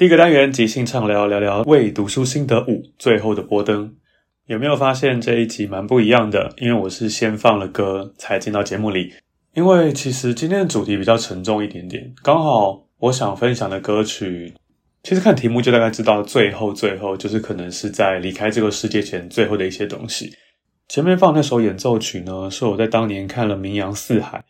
第一個單元即興唱聊，聊聊偽讀書心得五，最後的波登，有沒有發現這一集蠻不一樣的？因為我是先放了歌才進到節目裡。因為其實今天的主題比較沉重一點點，剛好我想分享的歌曲，其實看題目就大概知道，最後最後就是可能是在離開這個世界前最後的一些東西。前面放那首演奏曲呢，是我在當年看了名揚四海，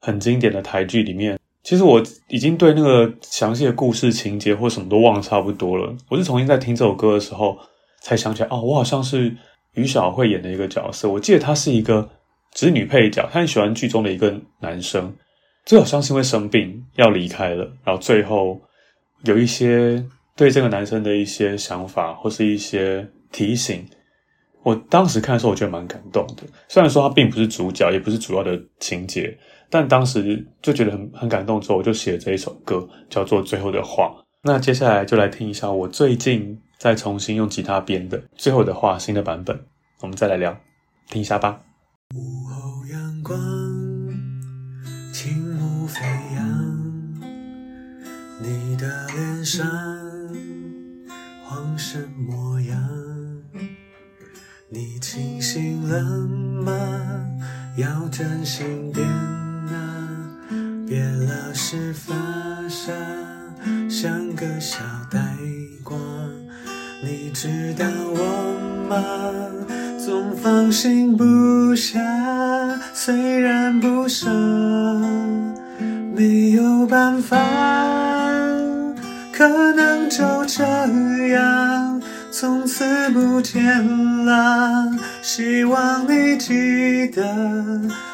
很經典的台劇裡面。其實我已經對那個詳細的故事情節或什麼都忘得差不多了。我是重新在聽這首歌的時候才想起來，哦，我好像是於小慧演的一個角色。我記得她是一個子女配角，她很喜歡劇中的一個男生。這好像是因為生病要離開了，然後最後有一些對這個男生的一些想法，或是一些提醒。我當時看的時候，我覺得蠻感動的。雖然說它並不是主角，也不是主要的情節，但當時就覺得很很感動。之後我就寫了這一首歌，叫做《最後的話》。那接下來就來聽一下我最近在重新用吉他編的《最後的話》新的版本。我們再來聊，聽一下吧。午後陽光輕舞飛揚，你的臉上晃你清醒了嗎？要專心點啊！別老是發傻，像個小呆瓜。你知道我嗎？總放心不下，雖然不捨，沒有辦法，可能就這樣。從此不見啦，希望你記得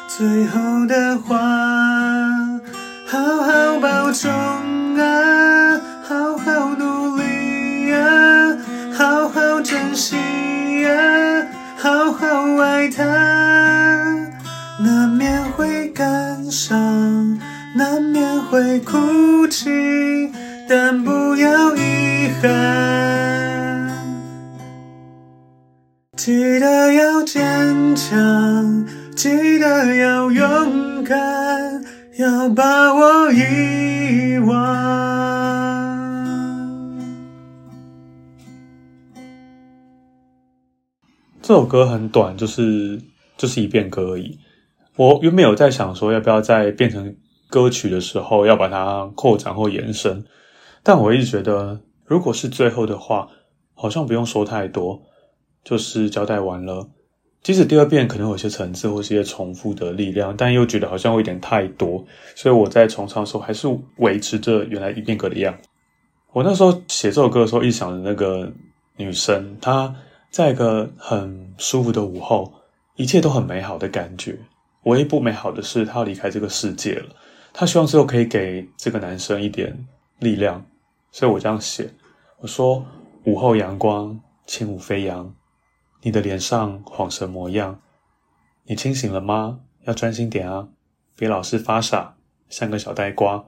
最後的話。好好保重啊，好好努力啊，好好珍惜啊，好好愛他。難免會感傷，難免會哭泣，但不要遺憾。記得要堅強，記得要勇敢，要把我遺忘。這首歌很短，就是就是一遍歌而已。我原本有在想說要不要在變成歌曲的時候要把它擴展或延伸，但我一直覺得，如果是最後的話，好像不用說太多。就是交代完了，即使第二遍可能有些層次或一些重複的力量，但又覺得好像會有一點太多，所以我在重唱的時候還是維持着原來一遍歌的樣。我那時候寫這首歌的時候，一想那個女生，她在一個很舒服的午後，一切都很美好的感覺。唯一不美好的是她要離開這個世界了，她希望最後可以給這個男生一點力量，所以我這樣寫，我說午後陽光，輕舞飛揚。你的臉上晃神模樣，你清醒了嗎？要專心點啊，別老是發傻，像個小呆瓜。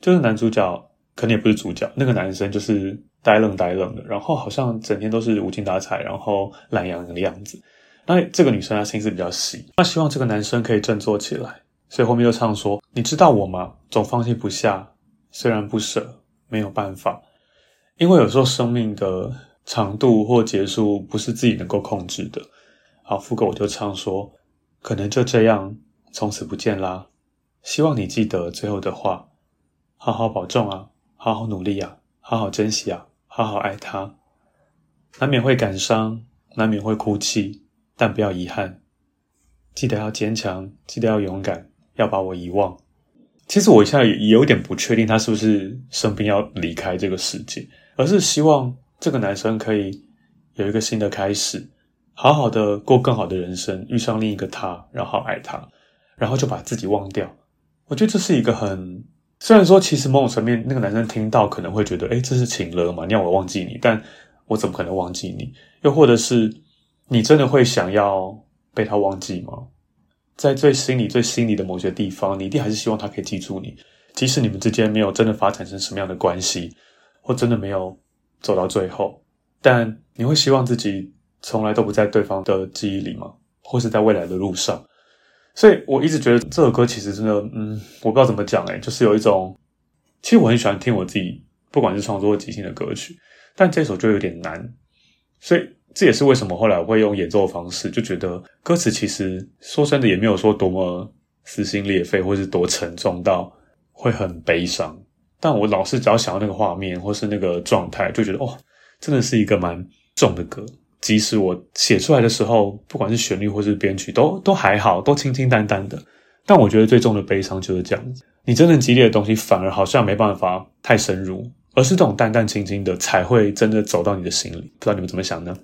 就是男主角肯定也不是主角，那個男生就是呆愣呆愣的，然後好像整天都是無精打采，然後懶洋洋的樣子。那這個女生她心思比較細，她希望這個男生可以振作起來，所以後面就唱說：“你知道我嘛？總放心不下，雖然不捨，沒有辦法，因為有時候生命的。”長度或結束不是自己能夠控制的。好，副歌我就唱說，可能就這樣，從此不見啦啊。希望你記得最後的話，好好保重啊，好好努力啊，好好珍惜啊，好好愛他。難免會感傷，難免會哭泣，但不要遺憾。記得要堅強，記得要勇敢，要把我遺忘。其實我現在也有點不確定，他是不是生病要離開這個世界，而是希望。這個男生可以有一個新的開始，好好的過更好的人生，遇上另一個他，然後愛他，然後就把自己忘掉。我覺得這是一個很……雖然說，其實某種層面，那個男生聽到可能會覺得，哎，這是情勒嗎？你要我忘記你？但我怎麼可能忘記你？又或者是你真的會想要被他忘記嗎？在最心裡、最心裡的某些地方，你一定還是希望他可以記住你，即使你們之間沒有真的發展成什麼樣的關係，或真的沒有走到最後，但你會希望自己從來都不在對方的記憶裡嗎？或是在未來的路上。所以我一直覺得這首歌其實真的，嗯，我不知道怎麼講，誒，就是有一種，其實我很喜歡聽我自己不管是創作或即興的歌曲，但這首就有點難。所以這也是為什麼後來我會用演奏的方式，就覺得歌詞其實說真的也沒有說多麼撕心裂肺，或是多沉重到會很悲傷。但我老是只要想到那個畫面，或是那個狀態，就覺得哦，真的是一個蠻重的歌。即使我寫出來的時候，不管是旋律或是編曲，都都還好，都清清淡淡的。但我覺得最重的悲傷就是這樣子。你真正激烈的東西，反而好像沒辦法太深入，而是這種淡淡清清的，才會真的走到你的心裡。不知道你們怎麼想呢？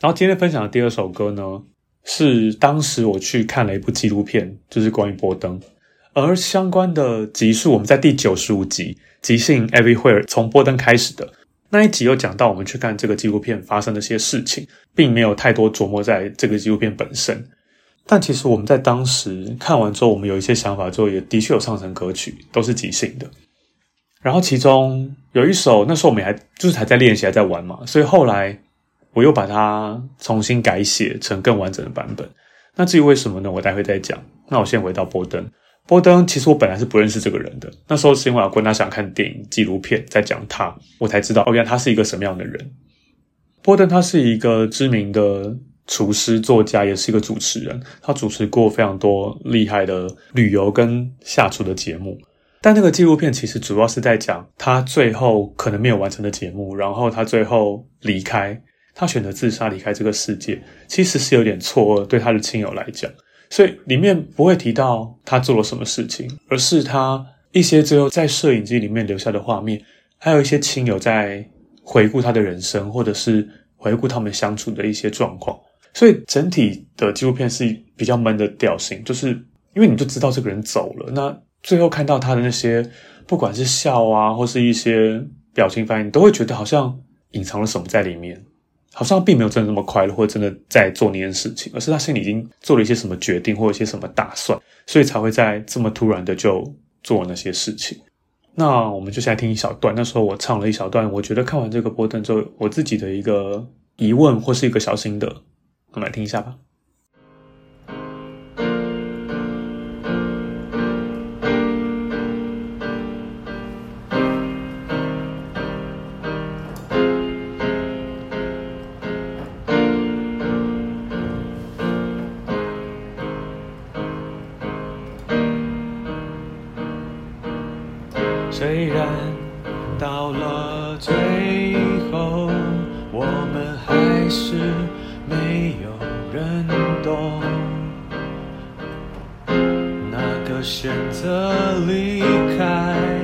然後今天分享的第二首歌呢，是當時我去看了一部紀錄片，就是關於波登。而相關的集數，我們在第九十五集《即興 Everywhere》從波登開始的那一集，有講到我們去看這個紀錄片發生的一些事情，並沒有太多琢磨在這個紀錄片本身。但其實我們在當時看完之後，我們有一些想法之後，也的確有唱成歌曲，都是即興的。然後其中有一首，那時候我們還就是還在練習，還在玩嘛，所以後來我又把它重新改寫成更完整的版本。那至於為什麼呢？我待會再講。那我先回到波登。波登其實我本來是不認識這個人的，那時候是因為阿君他想看電影紀錄片，在講他，我才知道，哦，原來他是一個什麼樣的人。波登他是一個知名的廚師、作家，也是一個主持人。他主持過非常多厲害的旅遊跟下廚的節目。但那個紀錄片其實主要是在講他最後可能沒有完成的節目，然後他最後離開，他選擇自殺離開這個世界，其實是有點錯愕，對他的親友來講。所以裡面不會提到他做了什麼事情，而是他一些最後在攝影機裡面留下的畫面，還有一些親友在回顧他的人生，或者是回顧他們相處的一些狀況。所以整體的紀錄片是比較悶的調性，就是因為你就知道這個人走了，那最後看到他的那些，不管是笑啊，或是一些表情反應，你都會覺得好像隱藏了什麼在裡面。好像並沒有真的那麼快樂，或真的在做那件事情，而是他心裡已經做了一些什麼決定，或一些什麼打算，所以才會在這麼突然的就做那些事情。那我們就先來聽一小段。那時候我唱了一小段，我覺得看完這個波登之後，我自己的一個疑問或是一個小心得，我們來聽一下吧。雖然到了最後，我們還是沒有人懂，那個選擇離開，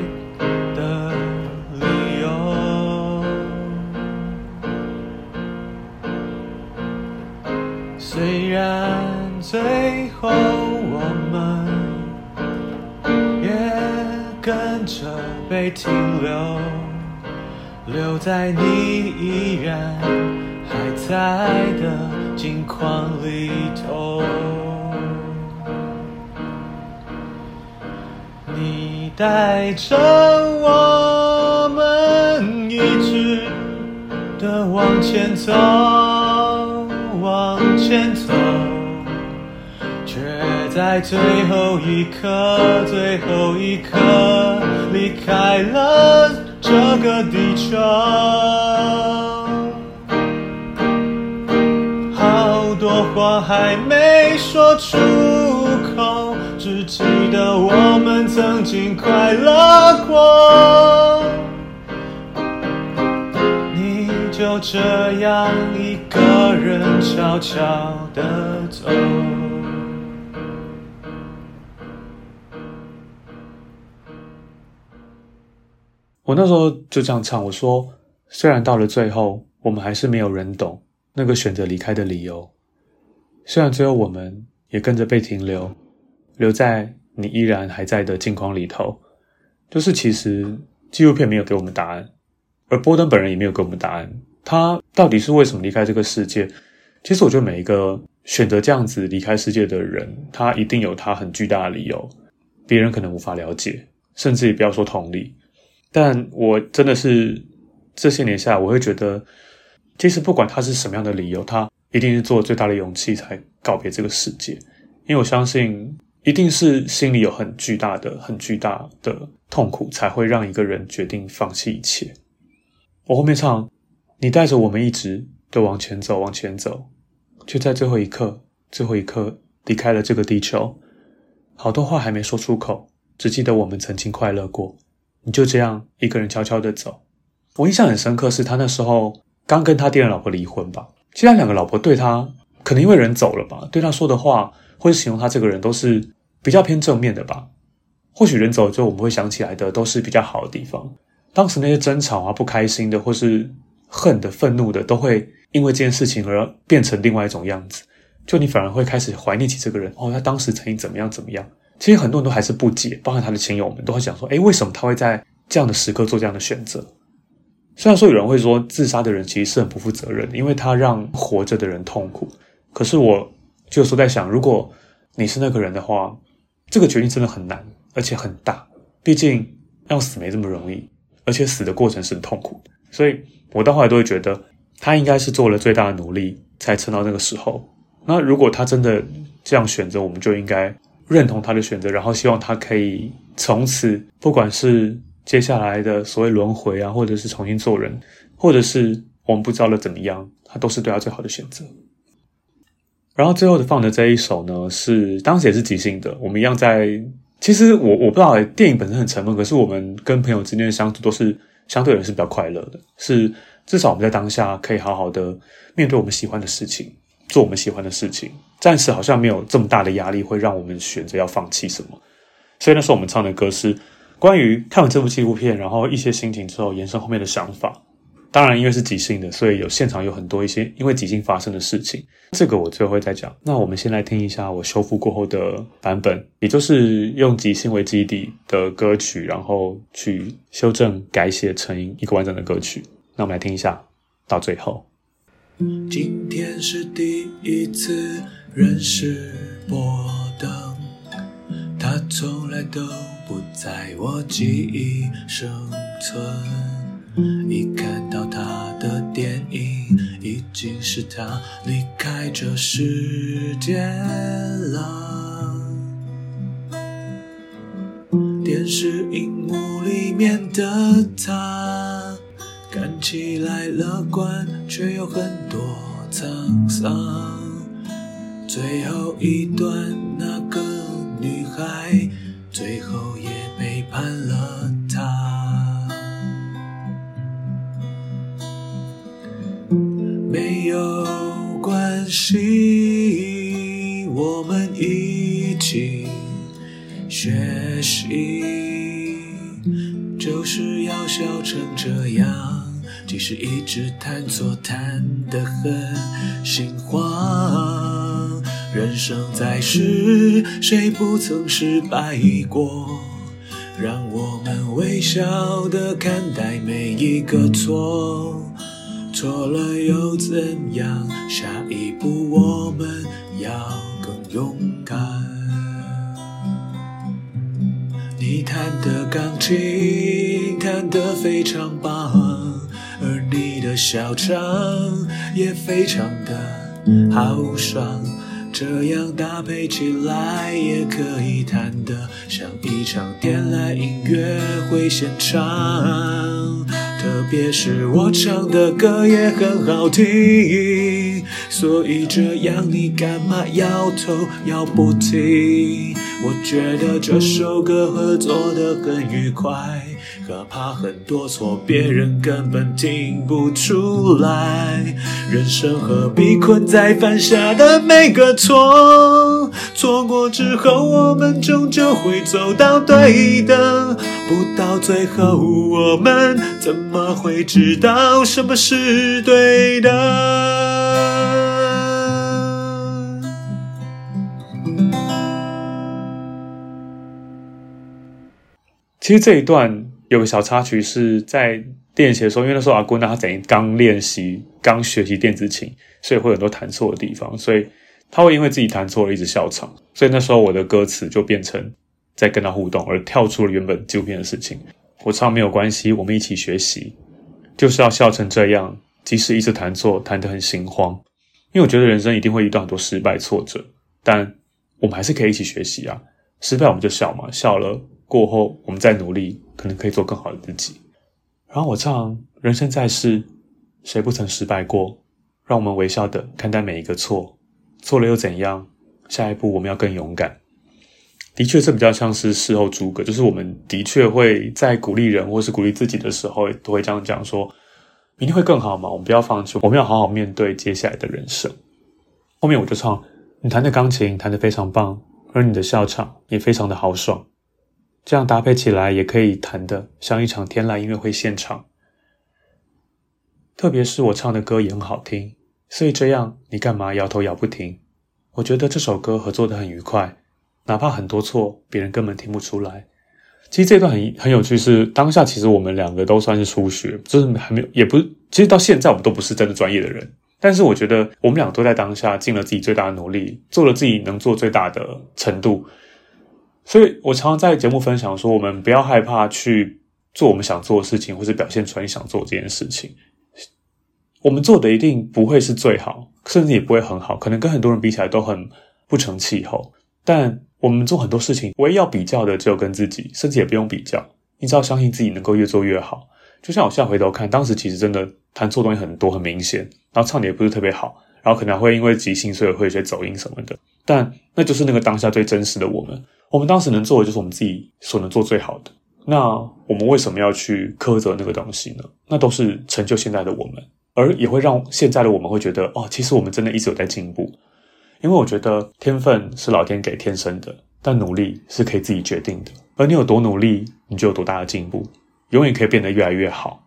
被停留，留在你依然還在的鏡框裡頭。你帶着我們一直的往前走，往前走，卻在最後一刻，最後一刻。開了這個地球，好多話還沒說出口，只記得我們曾經快樂過。你就這樣一個人悄悄地走。我那時候就這樣唱，我說：“雖然到了最後，我們還是沒有人懂那個選擇離開的理由。雖然最後我們也跟着被停留，留在你依然還在的鏡框裡頭。就是其實紀錄片沒有給我們答案，而波登本人也沒有給我們答案。他到底是為什麼離開這個世界？其實我覺得每一個選擇這樣子離開世界的人，他一定有他很巨大的理由，別人可能無法了解，甚至也不要說同理。”但我真的是這些年下來，我會覺得，其實不管他是什麼樣的理由，他一定是做了最大的勇氣才告別這個世界。因為我相信，一定是心裡有很巨大的、很巨大的痛苦，才會讓一個人決定放棄一切。我後面唱，你帶着我們一直都往前走，往前走，卻在最後一刻、最後一刻離開了這個地球。好多話還沒說出口，只記得我們曾經快樂過。你就這樣一個人悄悄的走，我印象很深刻，是他那時候剛跟他第二老婆離婚吧。其他兩個老婆對他，可能因為人走了吧，對他說的話，或是形容他這個人，都是比較偏正面的吧。或許人走了之後，我們會想起來的都是比較好的地方。當時那些爭吵啊、不開心的，或是恨的、憤怒的，都會因為這件事情而變成另外一種樣子。就你反而會開始懷念起這個人哦，他當時曾經怎麼樣怎麼樣。其實很多人都還是不解，包括他的親友們，都會想說：“誒，為什麼他會在這樣的時刻做這樣的選擇？”雖然說有人會說，自殺的人其實是很不負責任，因為他讓活着的人痛苦。可是我就是在想，如果你是那個人的話，這個決定真的很難，而且很大。畢竟要死沒這麼容易，而且死的過程是很痛苦。所以，我到後來都會覺得，他應該是做了最大的努力，才撐到那個時候。那如果他真的這樣選擇，我們就應該。認同他的選擇，然後希望他可以從此，不管是接下來的所謂輪迴啊，或者是重新做人，或者是我們不知道了怎麼樣，他都是對他最好的選擇。然後最後的放的這一首呢，是當時也是即興的。我們一樣在，其實我我不知道，電影本身很沉悶，可是我們跟朋友之間的相處都是相對來是比較快樂的，是至少我們在當下可以好好的面對我們喜歡的事情。做我們喜歡的事情，暫時好像沒有這麼大的壓力會讓我們選擇要放棄什麼。所以那時候我們唱的歌是關於看完這部紀錄片，然後一些心情之後延伸後面的想法。當然，因為是即興的，所以有現場有很多一些因為即興發生的事情。這個我最後會再講。那我們先來聽一下我修復過後的版本，也就是用即興為基底的歌曲，然後去修正改寫成一個完整的歌曲。那我們來聽一下，到最後。今天是第一次認識波登，他從來都不在我記憶生存。一看到他的電影，已經是他離開這世界了。電視熒幕裡面的他看起來樂觀。卻有很多滄桑，最後一段。是一直彈錯，彈得很心慌。人生在世，誰不曾失敗過？讓我們微笑地看待每一個錯，錯了又怎樣？下一步我們要更勇敢。你彈的鋼琴，彈得非常棒。笑場也非常的豪爽，這樣搭配起來也可以彈得像一場天籟音樂會現場。特別是我唱的歌也很好聽，所以這樣你幹嘛搖頭搖不停？我覺得這首歌合作得很愉快。哪怕，很多錯別人根本聽不出來。人生何必困在犯下的每個錯？錯過之後，我們終究會走到對的。不到最後，我們怎麼會知道什麼是對的？其實這一段。有個小插曲是在練習的時候，因為那時候阿君仔她等於剛練習、剛學習電子琴，所以會有很多彈錯的地方，所以她會因為自己彈錯了一直笑場。所以那時候我的歌詞就變成在跟她互動，而跳出了原本紀錄片的事情。我唱沒有關係，我們一起學習，就是要笑成這樣，即使一直彈錯，彈得很心慌。因為我覺得人生一定會遇到很多失敗挫折，但我們還是可以一起學習啊！失敗我們就笑嘛，笑了。過後，我們再努力，可能可以做更好的自己。然後我唱：“人生在世，誰不曾失敗過？讓我們微笑的看待每一個錯，錯了又怎樣？下一步我們要更勇敢。”的確，這比較像是事後諸葛，就是我們的確會在鼓勵人或是鼓勵自己的時候，都會這樣講：“說明天會更好嘛，我們不要放棄，我們要好好面對接下來的人生。”後面我就唱：“你彈的鋼琴彈得非常棒，而你的笑場也非常的豪爽。”這樣搭配起來也可以彈的像一場天籟音樂會現場，特別是我唱的歌也很好聽，所以這樣你幹嘛搖頭搖不停？我覺得這首歌合作得很愉快，哪怕很多錯，別人根本聽不出來。其實這段很很有趣是，是當下其實我們兩個都算是初學，就是還沒有，也不，其實到現在我們都不是真的專業的人，但是我覺得我們兩個都在當下盡了自己最大的努力，做了自己能做最大的程度。所以我常常在節目分享說，我們不要害怕去做我們想做的事情，或是表現出來你想做這件事情。我們做的一定不會是最好，甚至也不會很好，可能跟很多人比起來都很不成氣候。但我們做很多事情，唯一要比較的只有跟自己，甚至也不用比較。你只要相信自己能夠越做越好。就像我現在回頭看，當時其實真的彈錯東西很多，很明顯，然後唱的也不是特別好，然後可能會因為即興，所以會有些走音什麼的。但那就是那個當下最真實的我們。我們當時能做的就是我們自己所能做最好的。那我們為什麼要去苛責那個東西呢？那都是成就現在的我們，而也會讓現在的我們會覺得哦，其實我們真的一直有在進步。因為我覺得天分是老天給天生的，但努力是可以自己決定的。而你有多努力，你就有多大的進步，永遠可以變得越來越好。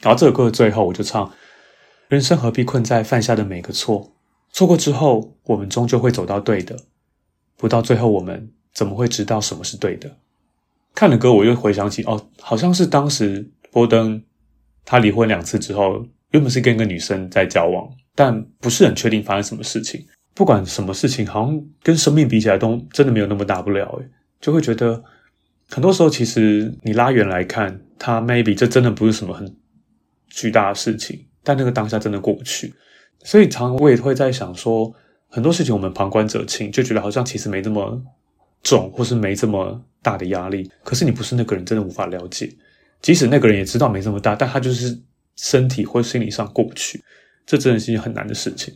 然後這首歌的最後我就唱：人生何必困在犯下的每個錯？錯過之後，我們終究會走到對的。不到最後，我們怎麼會知道什麼是對的？看了歌，我又回想起，哦，好像是當時波登他離婚兩次之後，原本是跟一個女生在交往，但不是很確定發生什麼事情。不管什麼事情，好像跟生命比起來，都真的沒有那麼大不了。誒，就會覺得，很多時候其實你拉遠來看，他 maybe 這真的不是什麼很巨大的事情。但那個當下真的過不去。所以，常常我也會在想說，很多事情我們旁觀者清，就覺得好像其實沒那麼重，或是沒這麼大的壓力。可是，你不是那個人，真的無法了解。即使那個人也知道沒這麼大，但他就是身體或心理上過不去，這真的是一件很難的事情。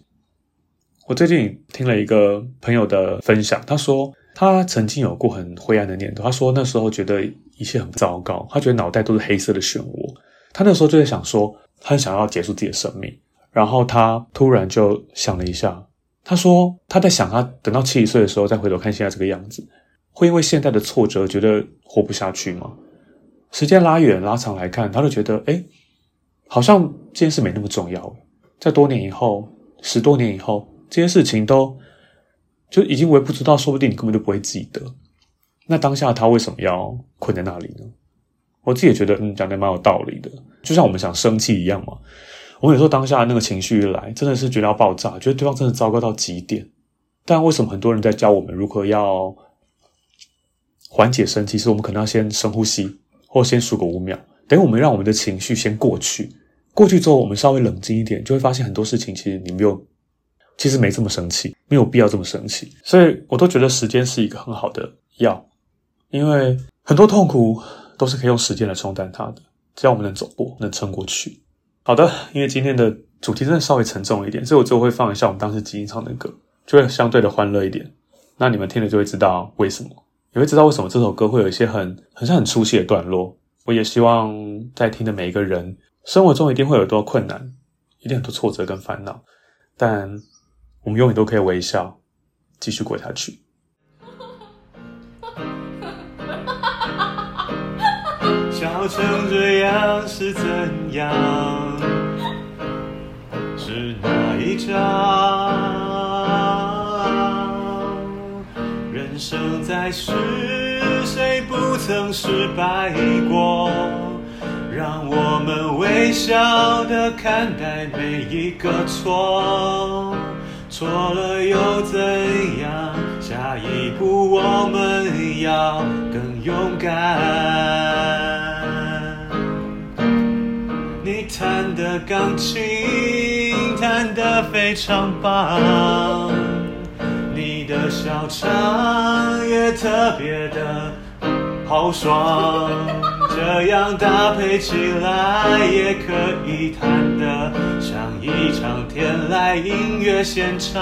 我最近聽了一個朋友的分享，他說他曾經有過很灰暗的念頭。他說那時候覺得一切很糟糕，他覺得腦袋都是黑色的漩渦。他那時候就在想說，他很想要結束自己的生命。然後他突然就想了一下，他說他在想，他等到七十歲的時候再回頭看現在這個樣子，會因為現在的挫折覺得活不下去嗎？時間拉遠拉長來看，他就覺得，誒好像這件事沒那麼重要。在多年以後，十多年以後，這些事情都就已經我也不知道，說不定你根本就不會記得。那當下他為什麼要困在那裡呢？我自己也覺得，嗯，講的蠻有道理的，就像我們想生氣一樣嘛。我有時候當下那個情緒一來，真的是覺得要爆炸，覺得對方真的糟糕到極點。但為什麼很多人在教我們如何要緩解生氣？是我們可能要先深呼吸，或先數個五秒，等於我們讓我們的情緒先過去。過去之後，我們稍微冷靜一點，就會發現很多事情其實你沒有，其實沒這麼生氣，沒有必要這麼生氣。所以，我都覺得時間是一個很好的藥，因為很多痛苦都是可以用時間來沖淡它的。只要我們能走過，能撐過去。好的，因為今天的主題真的稍微沉重一點，所以我最後會放一下我們當時即興唱的歌，就會相對的歡樂一點。那你們聽了就會知道為什麼，也會知道為什麼這首歌會有一些很、很像很粗細的段落。我也希望在聽的每一個人，生活中一定會有多困難，一定很多挫折跟煩惱，但我們永遠都可以微笑，繼續過下去。成這樣是怎樣？是哪一章？人生在世，誰不曾失敗過？讓我們微笑地看待每一個錯。錯了又怎樣？下一步我們要更勇敢。彈的鋼琴彈得非常棒，你的笑場也特別的豪爽，這樣搭配起來也可以彈得像一場天籟音樂現場。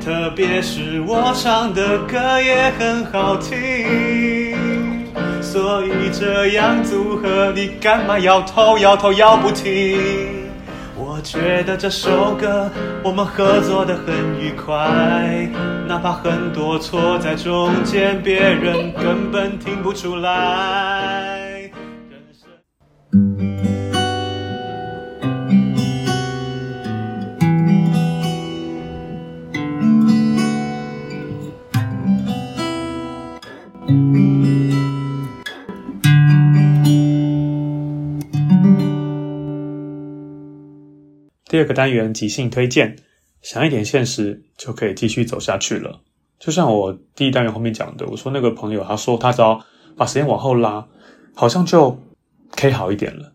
特別是我唱的歌也很好聽。所以這樣組合，你幹嘛搖頭搖頭搖不停？我覺得這首歌我們合作得很愉快，哪怕很多錯在中間，別人根本聽不出來。第二個單元即興推薦，想一點現實就可以繼續走下去了。就像我第一單元後面講的，我說那個朋友，他說他只要把時間往後拉，好像就可以好一點了。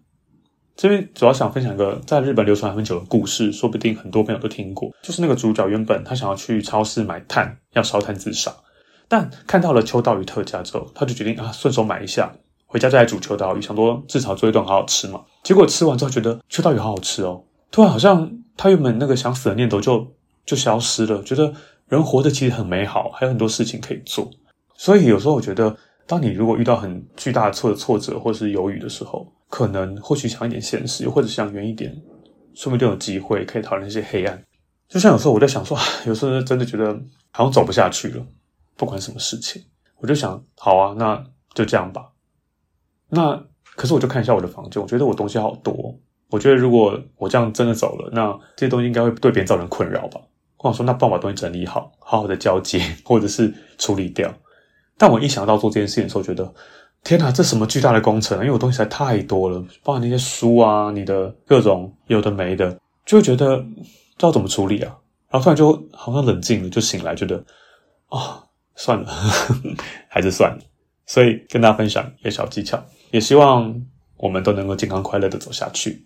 這邊主要想分享一個在日本流傳很久的故事，說不定很多朋友都聽過。就是那個主角原本他想要去超市買炭，要燒炭自殺，但看到了秋刀魚特價之後，他就決定啊，順手買一下，回家再來煮秋刀魚，想說至少做一頓好好吃嘛。結果吃完之後覺得秋刀魚好好吃哦。對，好像他原本那個想死的念頭就就消失了，覺得人活着其實很美好，還有很多事情可以做。所以有時候我覺得，當你如果遇到很巨大的挫挫折或是猶豫的時候，可能或許想一點現實，又或者想遠一點，說不定有機會可以逃離一些黑暗。就像有時候我在想說，有時候真的覺得好像走不下去了，不管什麼事情，我就想，好啊，那就這樣吧。那可是我就看一下我的房間，我覺得我東西好多。我覺得如果我這樣真的走了，那這些東西應該會對別人造成困擾吧？我想說，那幫我把東西整理好，好好的交接，或者是處理掉。但我一想到做這件事情的時候，覺得天哪、啊，這什麼巨大的工程啊！因為我東西實在太多了，包括那些書啊，你的各種有的沒的，就會覺得不知道怎麼處理啊。然後突然就好像冷靜了，就醒來，覺得啊、哦，算了， 還是算了。所以跟大家分享一個小技巧，也希望我們都能夠健康快樂的走下去。